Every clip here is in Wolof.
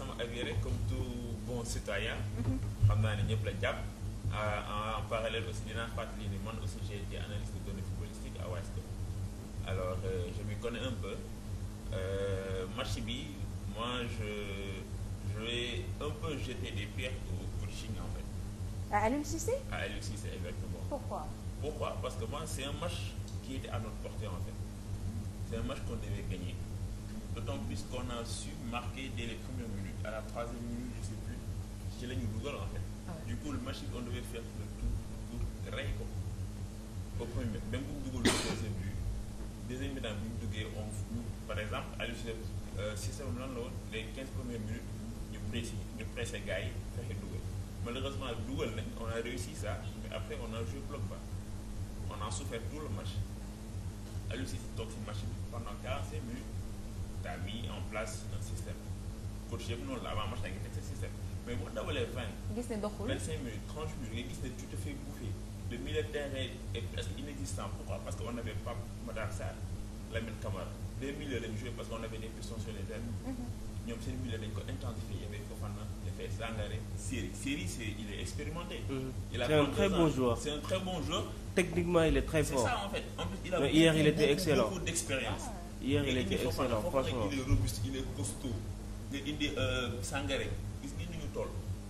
sama avis rek comme tout bon citoyen mhm. xam naa ne ñëpp la jàpp euh, en parallèle aussi dinaa fàttali ni man aussi j'ai été analyste de données footballistiques à alors euh, je m'y connais un peu euh, match bi moi je vais un peu jeter des pierres au coaching en fait. à Aliou Cissé. à Aliou Cissé exactement. pourquoi. parce que moi un match qui était à notre en fait c'est un match qu'on devait gagner. d'autant plus qu'on a su marquer dès les premières minutes à la troisième minute je plus ci la ñu dugal en fait. Ah du coup le on devait faire le tout pour rey ko au premier même bu ñu dugal le deuxième but deuxième mi-temps bi ñu duggee on par exemple à l'issue système lan la woon les quinze premières minutes ñu pressé ñu pressé gars yi fexe dugal malheureusement dugal nañ on a réussi ça mais après on a joué bloc bas on a souffert tout le match à l'issue toog si match bi pendant tu as mis en place un système coach yëpp noonu la avant match sa système mais boo dawalee vingt. vingt cinq minutes trente minutes nga gis ne tu de terrain est presque inexistant pourquoi parce que on avait Pape Matar Sarr Lamine Camara les milieux lañu joué parce que on avait des pistons sur les ailes. Mm-hmm. ñoom seen milieu dañu ko intensifié y avait y avait Sangaré Seri Seri c'est il est expérimenté. Mm-hmm. a c'est un très bon joueur c'est un très bon joueur. techniquement il est très fort hier il était excellent franchement il est robuste il est costaud nga indi euh, Sangaré gis ngeen ni ñu toll.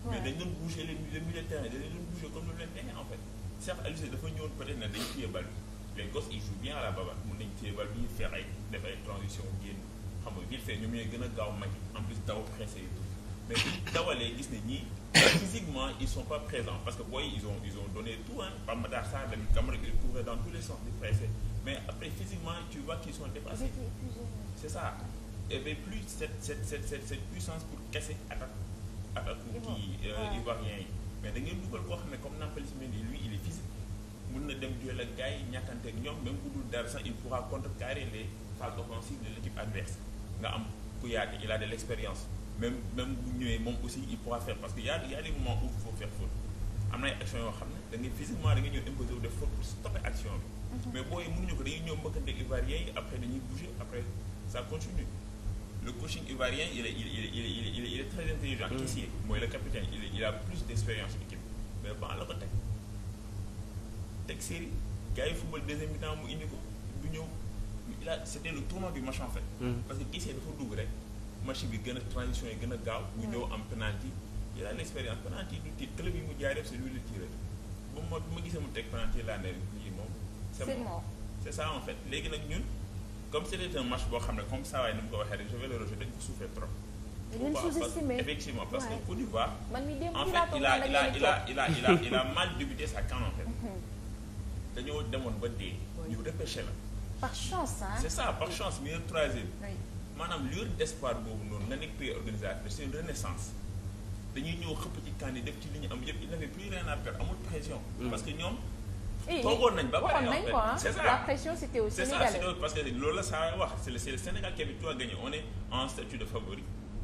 mais dañ doon bouger le le milieu de terrain dañ doon bouger comme lu leen neexee en fait. Cheikh Aliou Cissé dafa ñëwoon peut être ne dañ téye bal bi les gosses ils jouent bien à la baballe mun nañ téye bal bi faire ay def ay transition génn xam nga vite fait ñoom ñooy gën a gaaw mag en plus daw pressé et tout mais bu dawalee gis ne ñii physiquement ils sont pas présents parce que booy ils ont ils ont donné tout hein Pape Matar Sarr Lamine Camara ils couraient dans tous les sens di pressé. mais après physiquement tu vois qu'ils sont c'est ça et bien plus cette cette cette cette, cette puissance euh, ivoirien yi mais da dugal koo xam ne comme Nampalys Mendy lui il est physique mun na dem duel ak gars yi ñàkkante ak ñoom même bu dul dara sax il pourra contrecarrer les phases offensives de l'équipe adverse nga am ku yàgg il de l'expérience même même bu ñëwee moom aussi il pourra faire parce que y a y a des moments où am na ay actions yoo mais booy mënuñu ko dañuy ñëw mbëkkante ivoirien yi après dañuy bouger après ça continue le coaching ivoirien il est il est il est il est il est très intelligent. kii mm. mooy le capitaine il est il a plus d' expérience équipe mais ban la ko teg teg série gars yi football deuxième mi-temps mu indi ko du ñëw il a c' était le tournant du match en fait. Mm. parce que kii dafa dugg rek match bi gën a transition yi gën a gaaw. mu mm. ñëw am penalty il a l' expérience penalty du tiit club yi mu jaay def c' est lui le tireur ba ma ma gisee mu teg penalty laa ne lii moom. c'est mort c'est ça en fait léegi nag ñun comme c'était match boo xam ne comme saa waay ni mu ko waxee rek je vais le ko souffler trop. dañ que Côte d'Ivoire. man mii démb bi laa toog la il a mal débuté sa CAN en fait. Mhm. dañoo demoon ba dee. ñu repêché la. par chance ah. c'est ça par chance meilleur troisième. maanaam lueur d'espoir boobu noonu nga nekk pays organisateur c'est une renaissance. dañuy ñëw xëpp ci kan yi def ci li ñu am yëpp il n'avait plus rien amul pression. Mm. parce ñoom. toogoon nañ ba pare nañ parce que loolu la saa wax c'est Sénégal qui avait tout à gagner de favori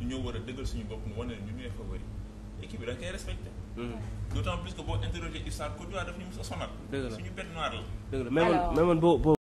ñoo war a dëggal suñu bopp ñu wane ne ñu équipe bi da koy d'autant plus que boo interroger Issa Côte d'Ivoire daf ñu mos sonal. dëgg la suñu bête noire la. dëgg la mais man mais